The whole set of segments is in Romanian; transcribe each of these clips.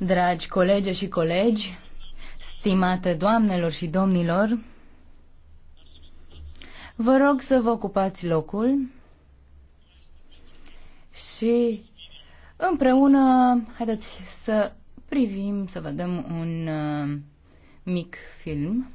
Dragi colege și colegi, stimate doamnelor și domnilor, vă rog să vă ocupați locul și împreună haideți să privim, să vedem un uh, mic film.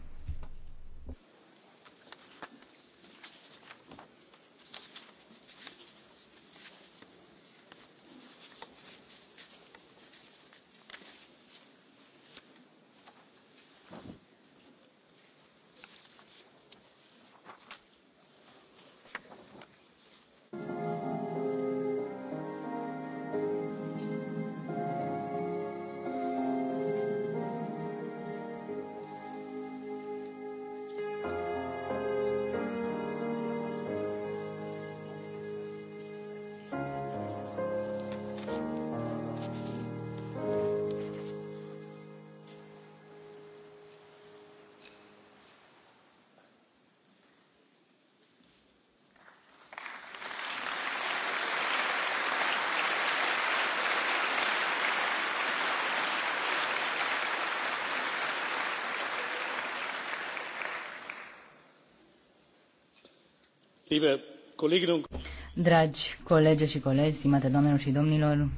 Dragi colege și colegi, stimate doamnelor și domnilor,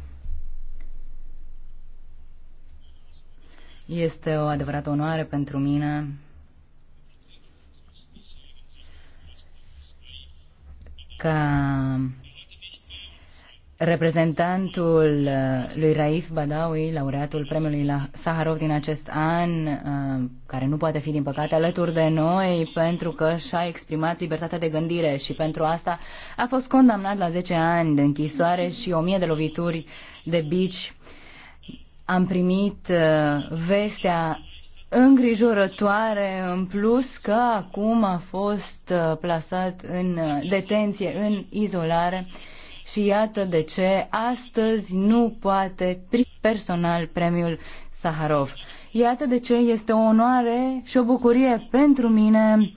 este o adevărată onoare pentru mine ca reprezentantul uh, lui Raif Badawi, laureatul premiului Saharov din acest an, uh, care nu poate fi din păcate alături de noi pentru că și-a exprimat libertatea de gândire și pentru asta a fost condamnat la 10 ani de închisoare și 1000 de lovituri de bici. Am primit uh, vestea îngrijorătoare în plus că acum a fost plasat în detenție, în izolare și iată de ce astăzi nu poate pri personal premiul Saharov. Iată de ce este o onoare și o bucurie pentru mine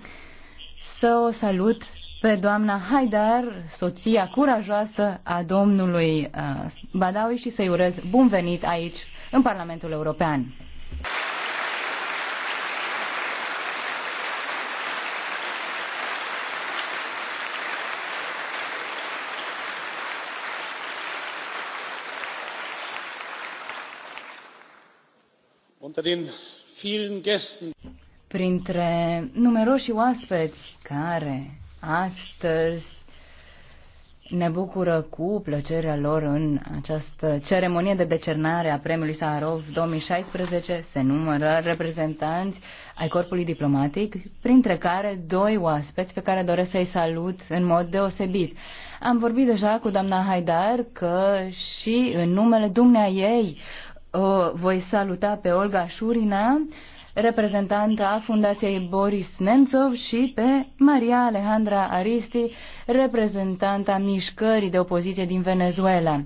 să o salut pe doamna Haidar, soția curajoasă a domnului uh, Badawi și să-i urez bun venit aici, în Parlamentul European. Printre numeroși oaspeți care astăzi ne bucură cu plăcerea lor în această ceremonie de decernare a premiului Saharov 2016 se numără reprezentanți ai corpului diplomatic, printre care doi oaspeți pe care doresc să-i salut în mod deosebit. Am vorbit deja cu doamna Haidar că și în numele dumnea ei o voi saluta pe Olga Șurina, reprezentanta a Fundației Boris Nemțov și pe Maria Alejandra Aristi, reprezentanta mișcării de opoziție din Venezuela.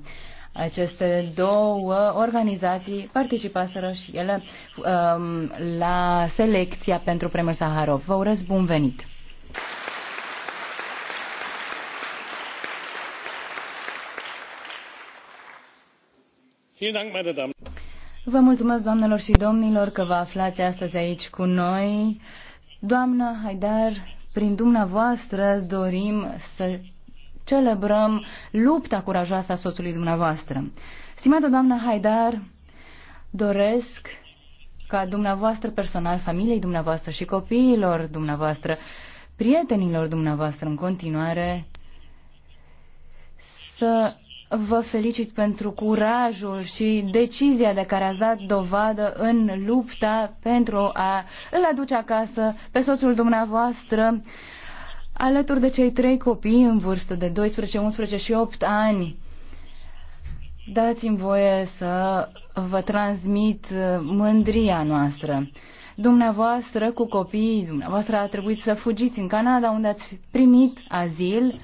Aceste două organizații participaseră și ele um, la selecția pentru premiul Saharov. Vă urez bun venit! Vă mulțumesc, doamnelor și domnilor, că vă aflați astăzi aici cu noi. Doamna Haidar, prin dumneavoastră dorim să celebrăm lupta curajoasă a soțului dumneavoastră. Stimată doamnă Haidar, doresc ca dumneavoastră personal, familiei dumneavoastră și copiilor dumneavoastră, prietenilor dumneavoastră în continuare, să Vă felicit pentru curajul și decizia de care ați dat dovadă în lupta pentru a îl aduce acasă pe soțul dumneavoastră alături de cei trei copii în vârstă de 12, 11 și 8 ani. Dați-mi voie să vă transmit mândria noastră. Dumneavoastră cu copiii dumneavoastră a trebuit să fugiți în Canada unde ați primit azil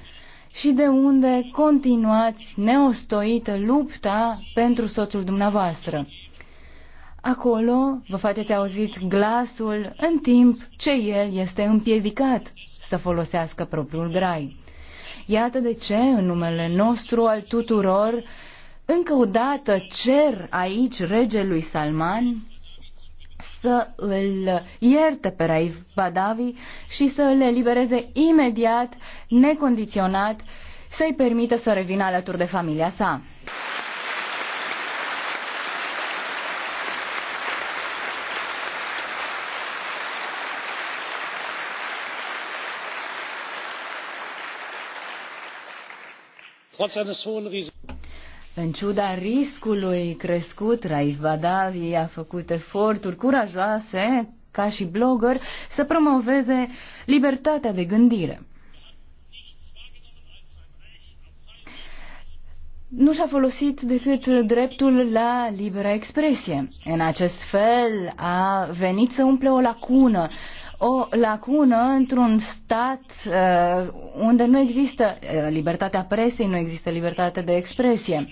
și de unde continuați neostoită lupta pentru soțul dumneavoastră. Acolo vă faceți auzit glasul în timp ce el este împiedicat să folosească propriul grai. Iată de ce, în numele nostru al tuturor, încă o dată cer aici regelui Salman să îl ierte pe Raif Badavi și să îl elibereze imediat, necondiționat, să-i permită să revină alături de familia sa. trotz eines hohen în ciuda riscului crescut, Raif Badavi a făcut eforturi curajoase, ca și blogger, să promoveze libertatea de gândire. nu și-a folosit decât dreptul la liberă expresie. În acest fel a venit să umple o lacună o lacună într-un stat uh, unde nu există uh, libertatea presei, nu există libertate de expresie.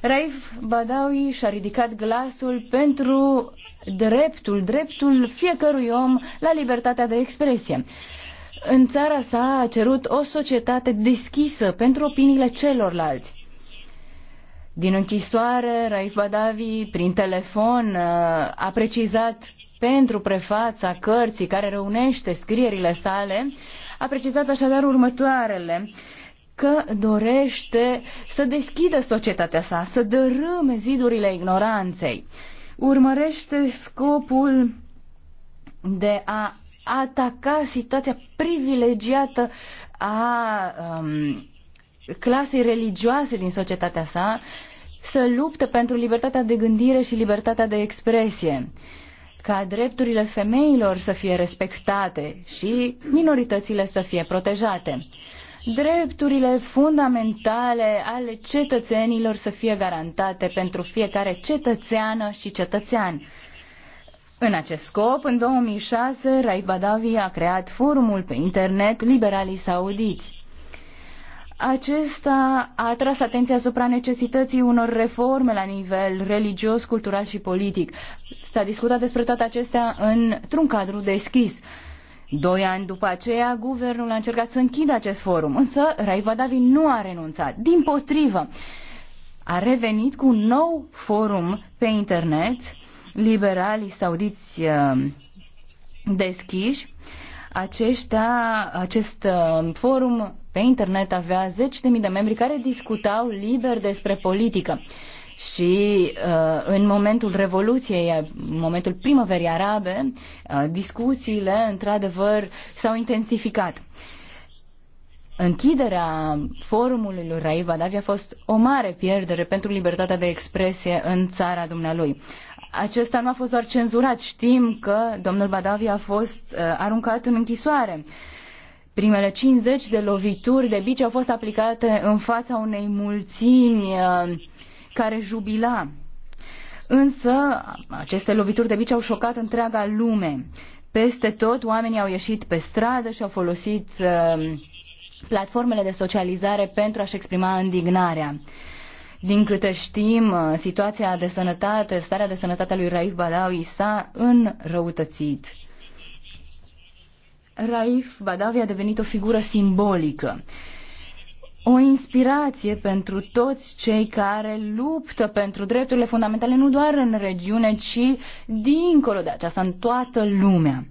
Raif Badawi și-a ridicat glasul pentru dreptul, dreptul fiecărui om la libertatea de expresie. În țara sa a cerut o societate deschisă pentru opiniile celorlalți. Din închisoare, Raif Badavi, prin telefon, uh, a precizat pentru prefața cărții care reunește scrierile sale, a precizat așadar următoarele că dorește să deschidă societatea sa, să dărâme zidurile ignoranței. Urmărește scopul de a ataca situația privilegiată a um, clasei religioase din societatea sa, să lupte pentru libertatea de gândire și libertatea de expresie. Uh, ca drepturile femeilor să fie respectate și minoritățile să fie protejate. Drepturile fundamentale ale cetățenilor să fie garantate pentru fiecare cetățeană și cetățean. În acest scop, în 2006, Raif Badawi a creat forumul pe internet Liberalii Saudiți. Acesta a atras atenția asupra necesității unor reforme la nivel religios, cultural și politic. S-a discutat despre toate acestea într-un cadru deschis. Doi ani după aceea, guvernul a încercat să închidă acest forum, însă Raiva Davi nu a renunțat. Din potrivă, a revenit cu un nou forum pe internet, liberalii saudiți uh, deschiși. Aceștia, acest uh, forum pe internet avea zeci de mii de membri care discutau liber despre politică. Și uh, în momentul Revoluției, în momentul primăverii arabe, uh, discuțiile, într-adevăr, s-au intensificat. Închiderea forumului lui Raiva Davi a fost o mare pierdere pentru libertatea de expresie în țara dumnealui. Acesta nu a fost doar cenzurat, știm că domnul Badavi a fost uh, aruncat în închisoare. Uh, Primele 50 de lovituri de bici au fost aplicate în fața unei mulțimi uh, care jubila. Însă, aceste lovituri de bici au șocat întreaga lume. Peste tot, oamenii au ieșit pe stradă și au folosit uh, platformele de socializare pentru a-și exprima indignarea. Din câte știm, uh, situația de sănătate, starea de sănătate a lui Raif Badawi s-a înrăutățit. Raif Badawi a devenit o figură simbolică, o inspirație pentru toți cei care luptă pentru drepturile fundamentale nu doar în regiune, ci dincolo de aceasta, în toată lumea.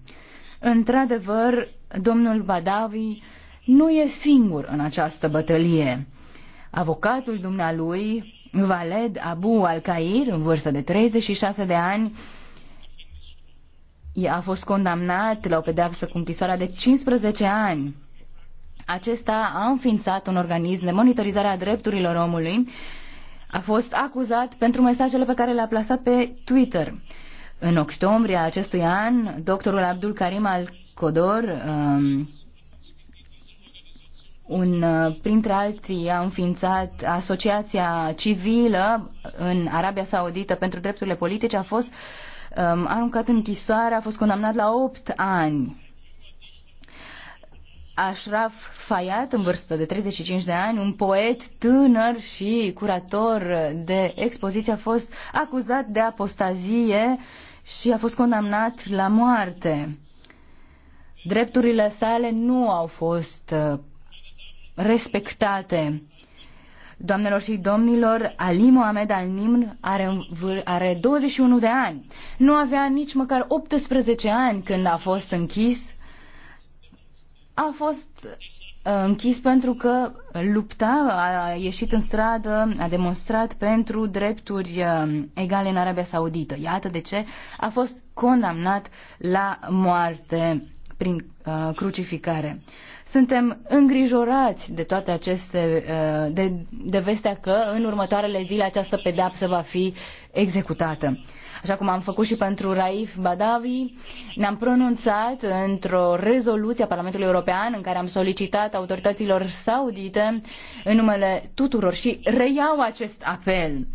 Într-adevăr, domnul Badawi nu e singur în această bătălie. Avocatul dumnealui, Valed Abu al kair în vârstă de 36 de ani, a fost condamnat la o pedeapsă cu închisoarea de 15 ani. Acesta a înființat un organism de monitorizare a drepturilor omului. A fost acuzat pentru mesajele pe care le-a plasat pe Twitter. În octombrie acestui an, doctorul Abdul Karim Al-Kodor, um, un, uh, printre alții, a înființat Asociația Civilă în Arabia Saudită pentru Drepturile Politice, a fost uh, um, aruncat în închisoare, a fost condamnat la 8 ani. Ashraf Fayat, în vârstă de 35 de ani, un poet tânăr și curator de expoziție, a fost acuzat de apostazie și a fost condamnat la moarte. Drepturile sale nu au fost uh, respectate. Doamnelor și domnilor, Ali Mohamed al Nimr are, are 21 de ani. Nu avea nici măcar 18 ani când a fost închis. A fost uh, închis pentru că lupta, a ieșit în stradă, a demonstrat pentru drepturi uh, egale în Arabia Saudită. Iată de ce a fost condamnat la moarte prin uh, crucificare. Suntem îngrijorați de toate aceste, uh, de, de vestea că în următoarele zile această pedeapsă va fi executată. Așa cum am făcut și pentru Raif Badawi, ne-am pronunțat într-o rezoluție a Parlamentului European în care am solicitat autorităților saudite în numele tuturor și reiau acest apel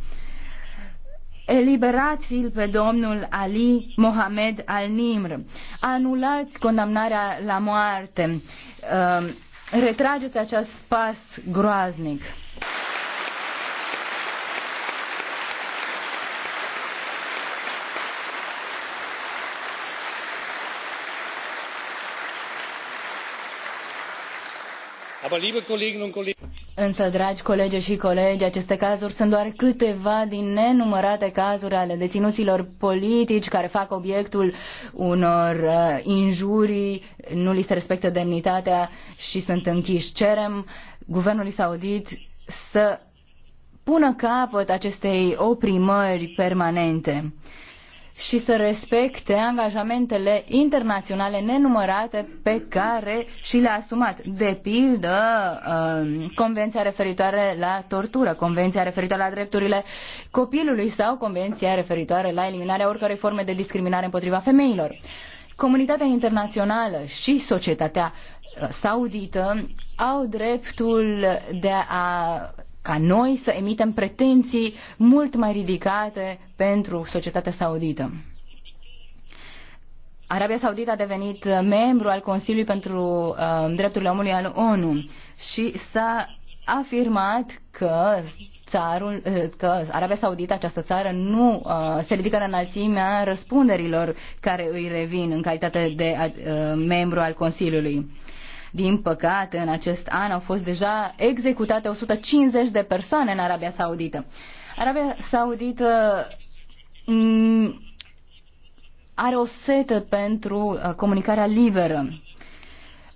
eliberați-l pe domnul Ali Mohamed al-Nimr, anulați condamnarea la moarte, um, retrageți acest pas groaznic. aber liebe kolleginnen und kollegen Însă, dragi colegi și colegi, aceste cazuri sunt doar câteva din nenumărate cazuri ale deținuților politici care fac obiectul unor uh, injurii, nu li se respectă demnitatea și sunt închiși. Cerem guvernului saudit să pună capăt acestei oprimări permanente și să respecte angajamentele internaționale nenumărate pe care și le-a asumat. De pildă, um, Convenția referitoare la tortură, Convenția referitoare la drepturile copilului sau Convenția referitoare la eliminarea oricărei forme de discriminare împotriva femeilor. Comunitatea internațională și societatea uh, saudită au dreptul de a ca noi să emitem pretenții mult mai ridicate pentru societatea saudită. Arabia Saudită a devenit membru al Consiliului pentru uh, Drepturile Omului al ONU și s-a afirmat că țarul, uh, că Arabia Saudită, această țară, nu uh, se ridică în înălțimea răspunderilor care îi revin în calitate de uh, membru al Consiliului. Uh, din păcate, în acest an au fost deja executate 150 de persoane în Arabia Saudită. Arabia Saudită mm, are o sete pentru uh, comunicarea liberă.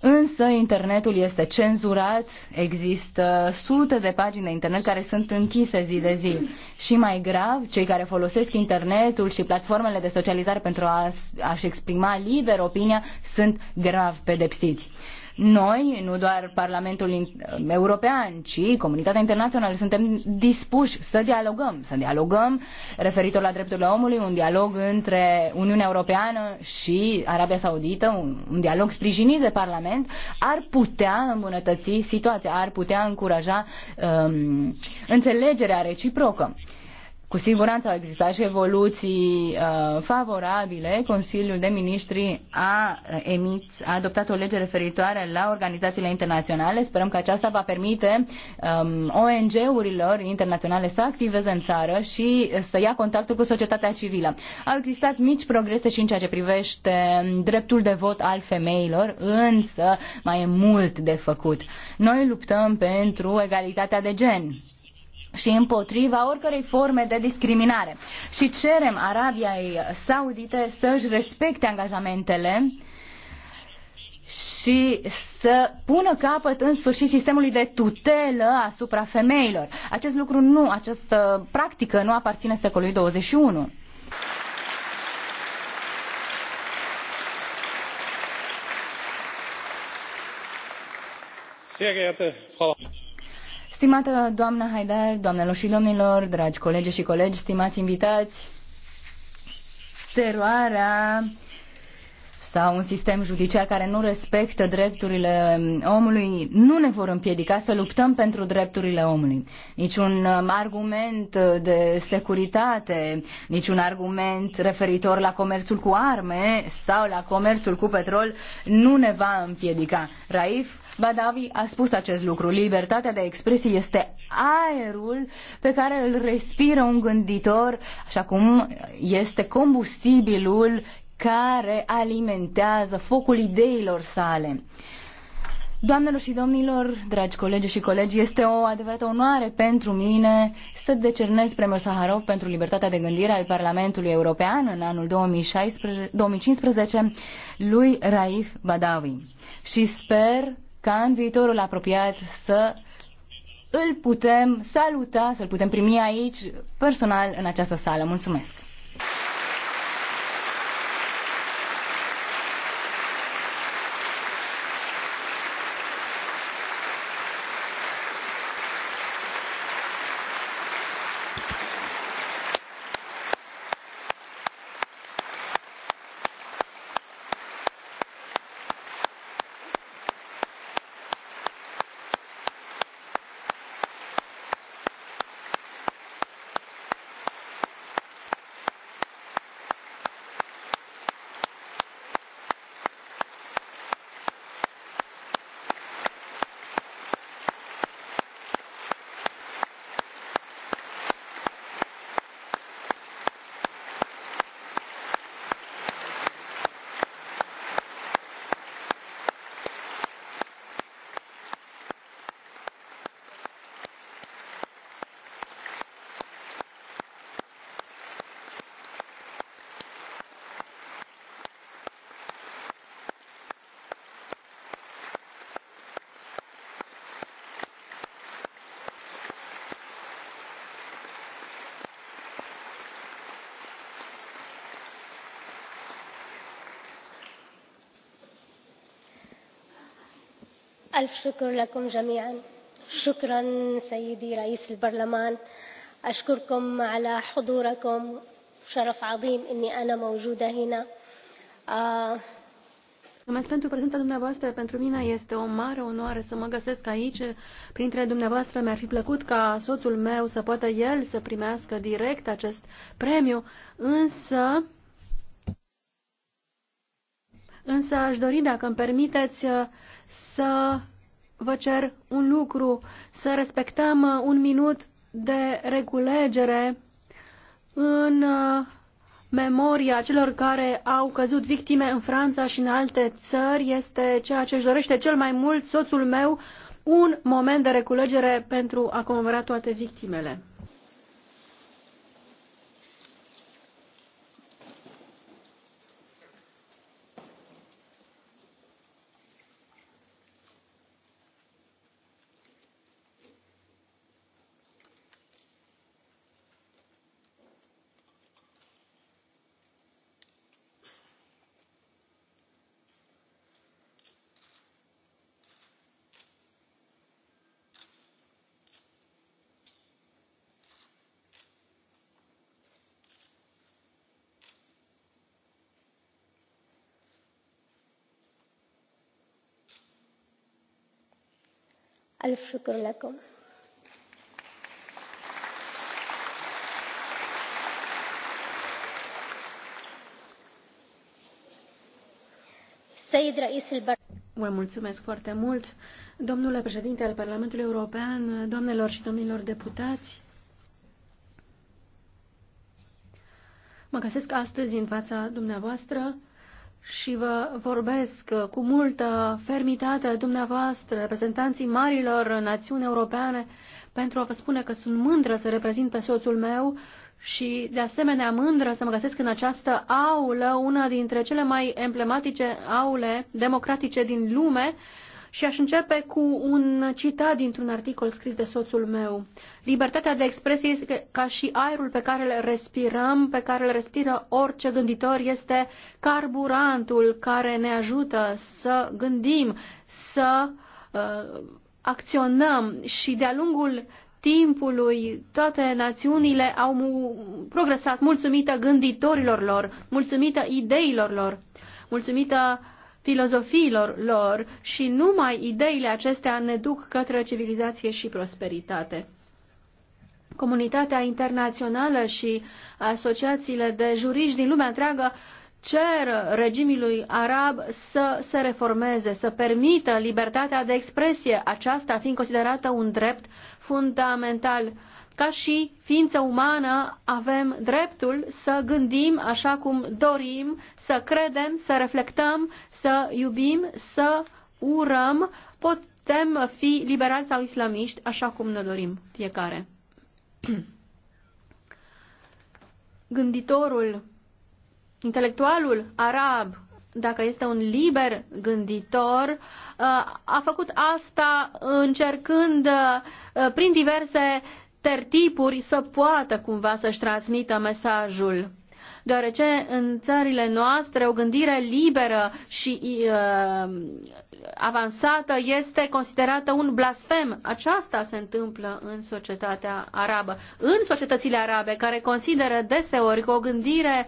Însă internetul este cenzurat, există sute de pagini de internet care sunt închise zi de zi. Și mai grav, cei care folosesc internetul și platformele de socializare pentru a, a-și exprima liber opinia sunt grav pedepsiți. Noi, nu doar Parlamentul European, ci comunitatea internațională, suntem dispuși să dialogăm, să dialogăm referitor la drepturile omului, un dialog între Uniunea Europeană și Arabia Saudită, un, un dialog sprijinit de Parlament, ar putea îmbunătăți situația, ar putea încuraja um, înțelegerea reciprocă. Cu siguranță au existat și evoluții uh, favorabile. Consiliul de Ministri a, uh, emis, a adoptat o lege referitoare la organizațiile internaționale. Sperăm că aceasta va permite um, ONG-urilor internaționale să activeze în țară și să ia contactul cu societatea civilă. Au existat mici progrese și în ceea ce privește um, dreptul de vot al femeilor, însă mai e mult de făcut. Noi luptăm pentru egalitatea de gen și împotriva oricărei forme de discriminare. Și cerem Arabiei Saudite să-și respecte angajamentele și să pună capăt în sfârșit sistemului de tutelă asupra femeilor. Acest lucru nu, această practică nu aparține secolului 21. Sehr geehrte Frau Stimată doamnă Haidar, doamnelor și domnilor, dragi colegi și colegi, stimați invitați, teroarea sau un sistem judiciar care nu respectă drepturile omului nu ne vor împiedica să luptăm pentru drepturile omului. Niciun um, argument uh, de securitate, niciun argument referitor la comerțul cu arme sau la comerțul cu petrol nu ne va împiedica. Raif Badawi a spus acest lucru. Libertatea de expresie este aerul pe care îl respiră un gânditor, așa cum este combustibilul care alimentează focul ideilor sale. Doamnelor și domnilor, dragi colegi și colegi, este o adevărată onoare pentru mine să decernez premiul Saharov pentru libertatea de gândire al Parlamentului European în anul 2016, 2015 lui Raif Badawi. Și sper ca în viitorul apropiat să îl putem saluta, să-l putem primi aici, personal, în această sală. Mulțumesc! ألف شكر لكم جميعا شكرا سيدي رئيس البرلمان أشكركم على حضوركم شرف عظيم أني أنا موجودة هنا Mulțumesc pentru prezența dumneavoastră. Pentru mine este o mare onoare să mă găsesc aici. Printre dumneavoastră mi-ar fi plăcut ca soțul meu să poată el să primească direct acest premiu, însă însă aș dori, dacă îmi permiteți, să vă cer un lucru, să respectăm uh, un minut de regulegere în uh, memoria celor care au căzut victime în Franța și în alte țări. Este ceea ce își dorește cel mai mult soțul meu, un moment de reculegere pentru a comemora toate victimele. ألف شكر لكم رئيس Vă mulțumesc foarte mult, domnule președinte al Parlamentului European, doamnelor și domnilor deputați. Mă găsesc astăzi în fața dumneavoastră și vă vorbesc uh, cu multă fermitate dumneavoastră, reprezentanții marilor națiuni europene, pentru a vă spune că sunt mândră să reprezint pe soțul meu și, de asemenea, mândră să mă găsesc în această aulă, una dintre cele mai emblematice aule democratice din lume, și aș începe cu un citat dintr-un articol scris de soțul meu. Libertatea de expresie este ca și aerul pe care îl respirăm, pe care îl respiră orice gânditor, este carburantul care ne ajută să gândim, să uh, acționăm și de-a lungul timpului toate națiunile au mu- progresat mulțumită gânditorilor lor, mulțumită ideilor lor, mulțumită uh, filozofiilor lor și numai ideile acestea ne duc către civilizație și prosperitate. Comunitatea internațională și asociațiile de juriști din lumea întreagă cer regimului arab să se reformeze, să permită libertatea de expresie, aceasta fiind considerată un drept fundamental ca și ființă umană avem dreptul să gândim așa cum dorim, să credem, să reflectăm, să iubim, să urăm, putem fi liberali sau islamiști așa cum ne dorim fiecare. Gânditorul, intelectualul arab, dacă este un liber gânditor, uh, a făcut asta încercând uh, prin diverse tertipuri să poată cumva să-și transmită mesajul deoarece în țările noastre o gândire liberă și uh, avansată este considerată un blasfem. Aceasta se întâmplă în societatea arabă. În societățile arabe, care consideră deseori că o gândire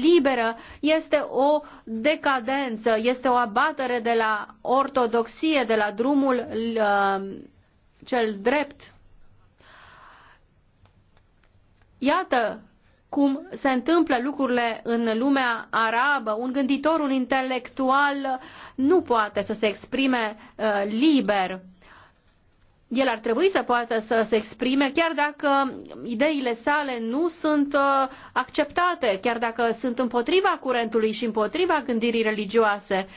liberă este o decadență, este o abatere de la ortodoxie, de la drumul uh, cel drept. Iată cum se întâmplă lucrurile în lumea arabă. Un gânditor, un intelectual nu poate să se exprime uh, liber. El ar trebui să poată să se exprime chiar dacă ideile sale nu sunt uh, acceptate, chiar dacă sunt împotriva curentului și împotriva gândirii religioase.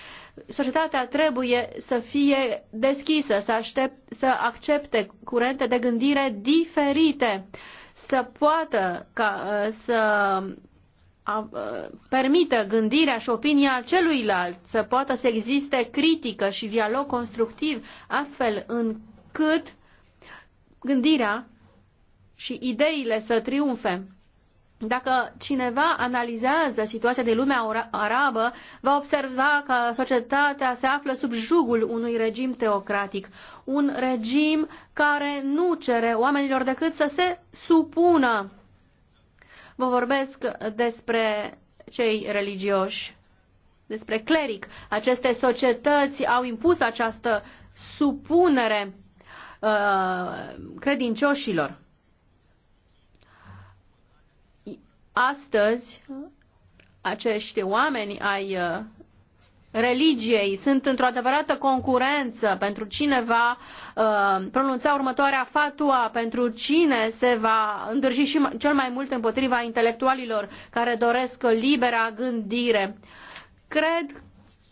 Societatea trebuie să fie deschisă, să, aștept, să accepte curente de gândire diferite. Uh, să poată ca, uh, să a, uh, permită gândirea și opinia celuilalt, să poată să existe critică și dialog constructiv, astfel încât gândirea și ideile să triumfe. Dacă cineva analizează situația din lumea arabă, va observa că societatea se află sub jugul unui regim teocratic, un regim care nu cere oamenilor decât să se supună. Vă vorbesc despre cei religioși, despre cleric. Aceste societăți au impus această supunere uh, credincioșilor. Astăzi, acești oameni ai uh, religiei sunt într-o adevărată concurență pentru cine va uh, pronunța următoarea fatua, pentru cine se va îndrăji și cel mai mult împotriva intelectualilor care doresc libera gândire. Cred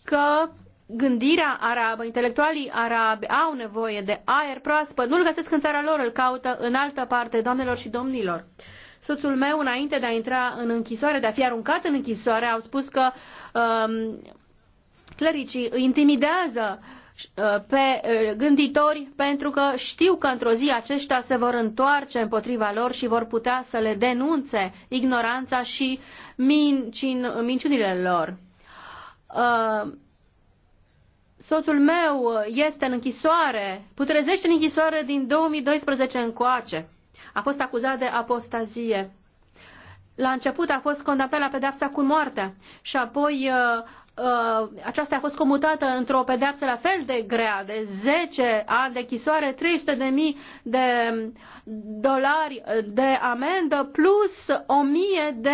că gândirea arabă, intelectualii arabi au nevoie de aer proaspăt, nu-l găsesc în țara lor, îl caută în altă parte, doamnelor și domnilor. Soțul meu, înainte de a intra în închisoare, de a fi aruncat în închisoare, au spus că um, clericii îi intimidează uh, pe uh, gânditori pentru că știu că într-o zi aceștia se vor întoarce împotriva lor și vor putea să le denunțe ignoranța și mincin, minciunile lor. Uh, soțul meu este în închisoare, putrezește în închisoare din 2012 încoace a fost acuzat de apostazie. La început a fost condamnat la pedeapsa cu moartea și apoi uh, uh, aceasta a fost comutată într-o pedeapsă la fel de grea, de 10 ani de chisoare, 300 de mii de dolari de amendă, plus 1000 de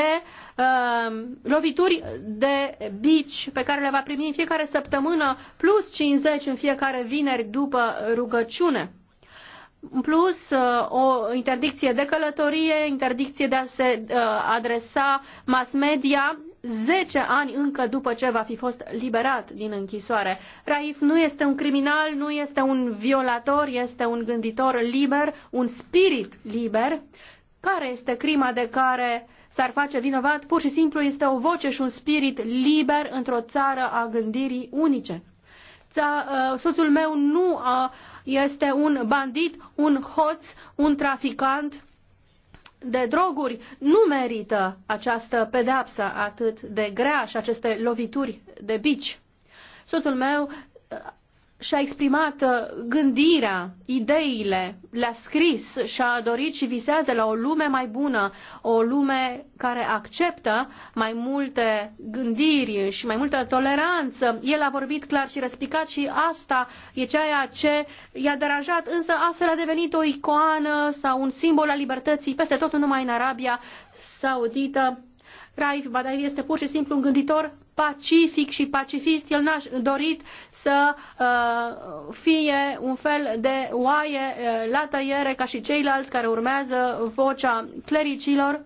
uh, lovituri de bici pe care le va primi în fiecare săptămână, plus 50 în fiecare vineri după rugăciune. În plus, uh, o interdicție de călătorie, interdicție de a se uh, adresa mass media, zece ani încă după ce va fi fost liberat din închisoare. Raif nu este un criminal, nu este un violator, este un gânditor liber, un spirit liber. Care este crima de care s-ar face vinovat? Pur și simplu este o voce și un spirit liber într-o țară a gândirii unice. Uh, soțul meu nu a este un bandit, un hoț, un traficant de droguri. Nu merită această pedeapsă atât de grea și aceste lovituri de bici. Soțul meu și-a exprimat uh, gândirea, ideile, le-a scris și-a dorit și visează la o lume mai bună, o lume care acceptă mai multe gândiri și mai multă toleranță. El a vorbit clar și răspicat și asta e ceea ce i-a deranjat, însă astfel a devenit o icoană sau un simbol al libertății peste tot, numai în Arabia Saudită. Raif Badawi este pur și simplu un gânditor pacific și pacifist. El n-a dorit să uh, fie un fel de oaie uh, la tăiere ca și ceilalți care urmează vocea clericilor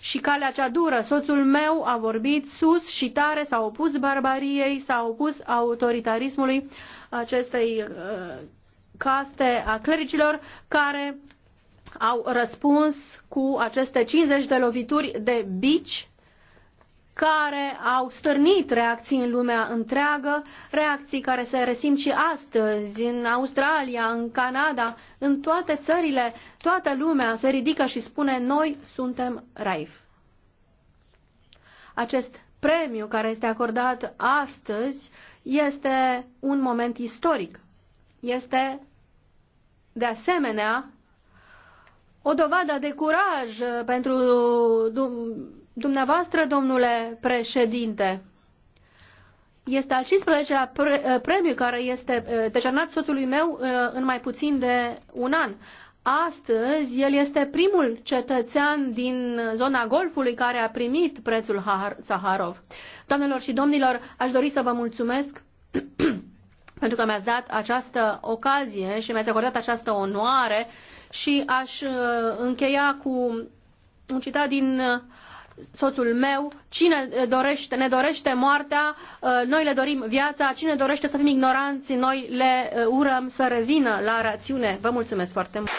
și calea cea dură. Soțul meu a vorbit sus și tare, s-a opus barbariei, s-a opus autoritarismului acestei uh, caste a clericilor care au răspuns cu aceste 50 de lovituri de bici care au stârnit reacții în lumea întreagă, reacții care se resimt și astăzi în Australia, în Canada, în toate țările, toată lumea se ridică și spune noi suntem RAIF. Acest premiu care este acordat astăzi este un moment istoric. Este de asemenea o dovadă de curaj pentru Dumneavoastră, domnule președinte, este al 15-lea pre eh, premiu care este eh, dejanat soțului meu eh, în mai puțin de un an. Astăzi, el este primul cetățean din zona Golfului care a primit prețul Saharov. Doamnelor și domnilor, aș dori să vă mulțumesc pentru că mi-ați dat această ocazie și mi-ați acordat această onoare și aș încheia cu un citat din soțul meu, cine dorește, ne dorește moartea, uh, noi le dorim viața, cine dorește să fim ignoranți, noi le uh, urăm să revină la rațiune. Vă mulțumesc foarte mult!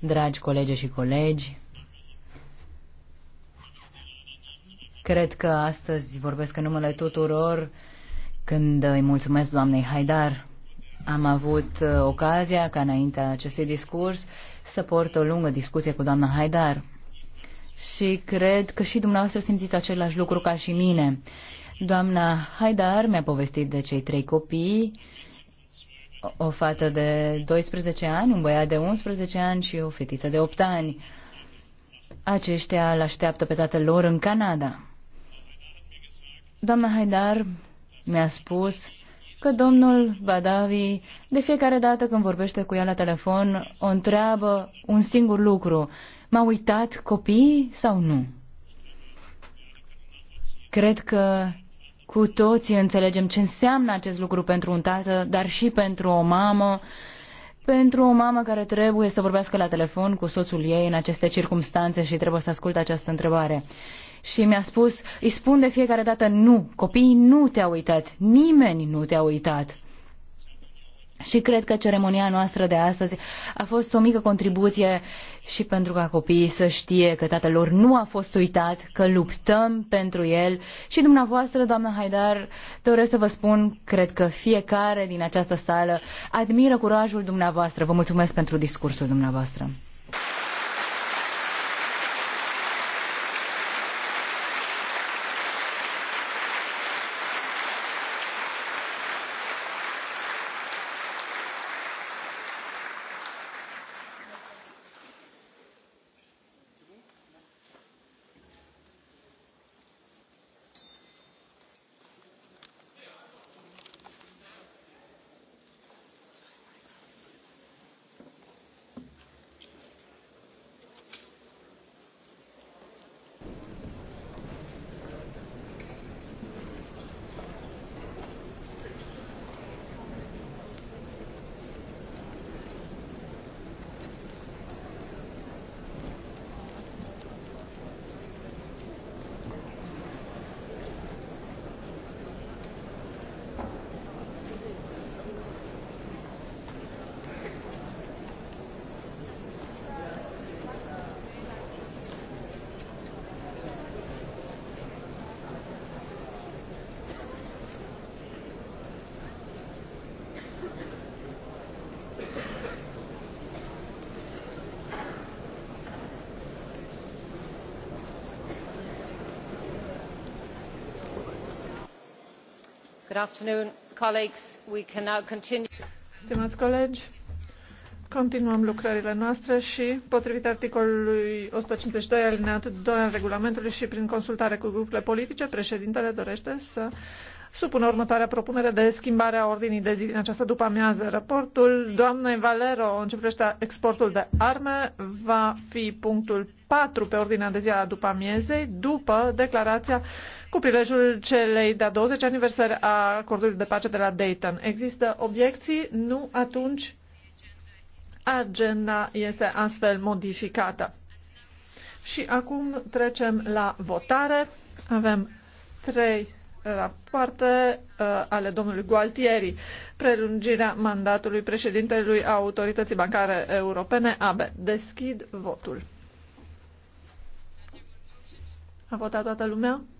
Dragi colegi și colegi, cred că astăzi vorbesc în numele tuturor când îi mulțumesc doamnei Haidar. Am avut uh, ocazia ca înaintea acestui discurs să port o lungă discuție cu doamna Haidar și cred că și dumneavoastră simțiți același lucru ca și mine. Doamna Haidar mi-a povestit de cei trei copii, o fată de 12 ani, un băiat de 11 ani și o fetiță de 8 ani. Aceștia îl așteaptă pe tatăl lor în Canada. Doamna Haidar mi-a spus că domnul Badavi, de fiecare dată când vorbește cu ea la telefon, o întreabă un singur lucru. M-au uitat copiii sau nu? Cred că cu toții înțelegem ce înseamnă acest lucru pentru un tată, dar și pentru o mamă, pentru o mamă care trebuie să vorbească la telefon cu soțul ei în aceste circunstanțe și trebuie să asculte această întrebare. Și mi-a spus, îi spun de fiecare dată, nu, copiii nu te-au uitat, nimeni nu te-a uitat. Și cred că ceremonia noastră de astăzi a fost o mică contribuție și pentru ca copiii să știe că tatăl lor nu a fost uitat, că luptăm pentru el. Și dumneavoastră, doamna Haidar, doresc să vă spun, cred că fiecare din această sală admiră curajul dumneavoastră. Vă mulțumesc pentru discursul dumneavoastră. Stimați colegi, continuăm lucrările noastre și, potrivit articolului doi alineat doi al regulamentului și prin consultare cu grupurile politice, președintele dorește să supună următoarea propunere de schimbare a ordinii de zi din această după amiază. Raportul doamnei Valero în ce privește exportul de arme va fi punctul patru pe ordinea de zi a după amiezei, după declarația cu prilejul celei de-a 20 aniversări a acordului de pace de la Dayton. Există obiecții? Nu, atunci agenda este astfel modificată. Și acum trecem la votare. Avem trei uh, rapoarte uh, ale domnului Gualtieri, prelungirea mandatului președintelui Autorității Bancare Europene, AB. Deschid votul. A votat toată lumea?